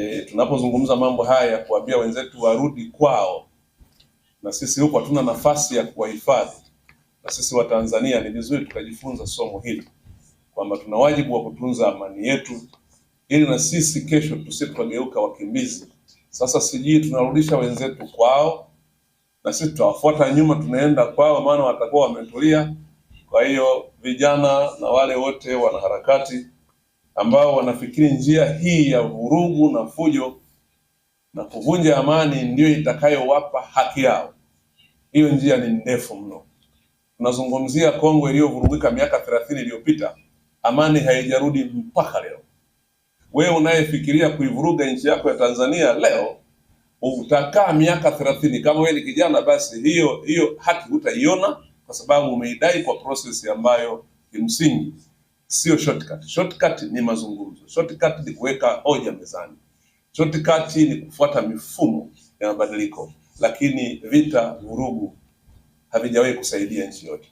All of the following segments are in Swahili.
e, tunapozungumza mambo haya ya kuambia wenzetu warudi kwao, na sisi huko hatuna nafasi ya kuwahifadhi, na sisi Watanzania ni vizuri tukajifunza somo hili kwamba tuna wajibu wa kutunza amani yetu ili na sisi kesho tusipogeuka wakimbizi. Sasa sijui tunarudisha wenzetu kwao na sisi tutawafuata nyuma, tunaenda kwao, maana watakuwa wametulia. Kwa hiyo vijana na wale wote wanaharakati ambao wanafikiri njia hii ya vurugu na fujo na kuvunja amani ndiyo itakayowapa haki yao. Hiyo njia ni ndefu mno. Tunazungumzia Kongo iliyovurugika miaka thelathini iliyopita, amani haijarudi mpaka leo. Wewe unayefikiria kuivuruga nchi yako ya Tanzania leo, utakaa miaka thelathini. Kama wewe ni kijana, basi hiyo hiyo haki utaiona, kwa sababu umeidai kwa prosesi ambayo kimsingi sio shortcut. Shortcut ni mazungumzo, shortcut ni kuweka hoja mezani, shortcut ni kufuata mifumo ya mabadiliko, lakini vita, vurugu havijawahi kusaidia nchi yote,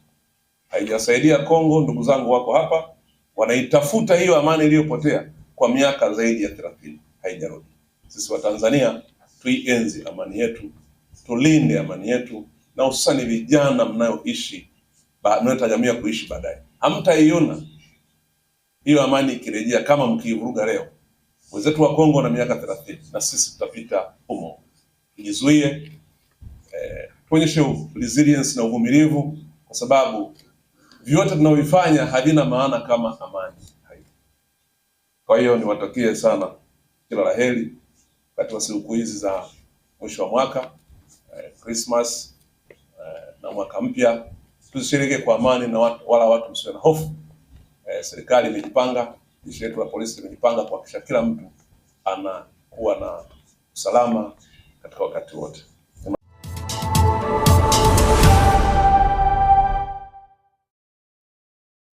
haijasaidia Kongo. Ndugu zangu wako hapa wanaitafuta hiyo amani iliyopotea kwa miaka zaidi ya thelathini, haijarudi. Sisi Watanzania tuienzi amani yetu, tulinde amani yetu, na hususani vijana mnayoishi mnayotajamia kuishi baadaye, hamtaiona hiyo amani ikirejea, kama mkiivuruga leo, wenzetu wa Kongo na miaka thelathini, na sisi tutafika humo. Tujizuie eh, tuonyeshe resilience na uvumilivu, kwa sababu vyote tunavyofanya havina maana kama amani haipo. Kwa hiyo niwatakie sana kila la heri katika siku hizi za mwisho wa mwaka eh, Christmas eh, na mwaka mpya, tuzishirike kwa amani na watu, wala watu msiwe na hofu eh, serikali imejipanga, jeshi letu la polisi limejipanga kuhakikisha kila mtu anakuwa na usalama katika wakati wote.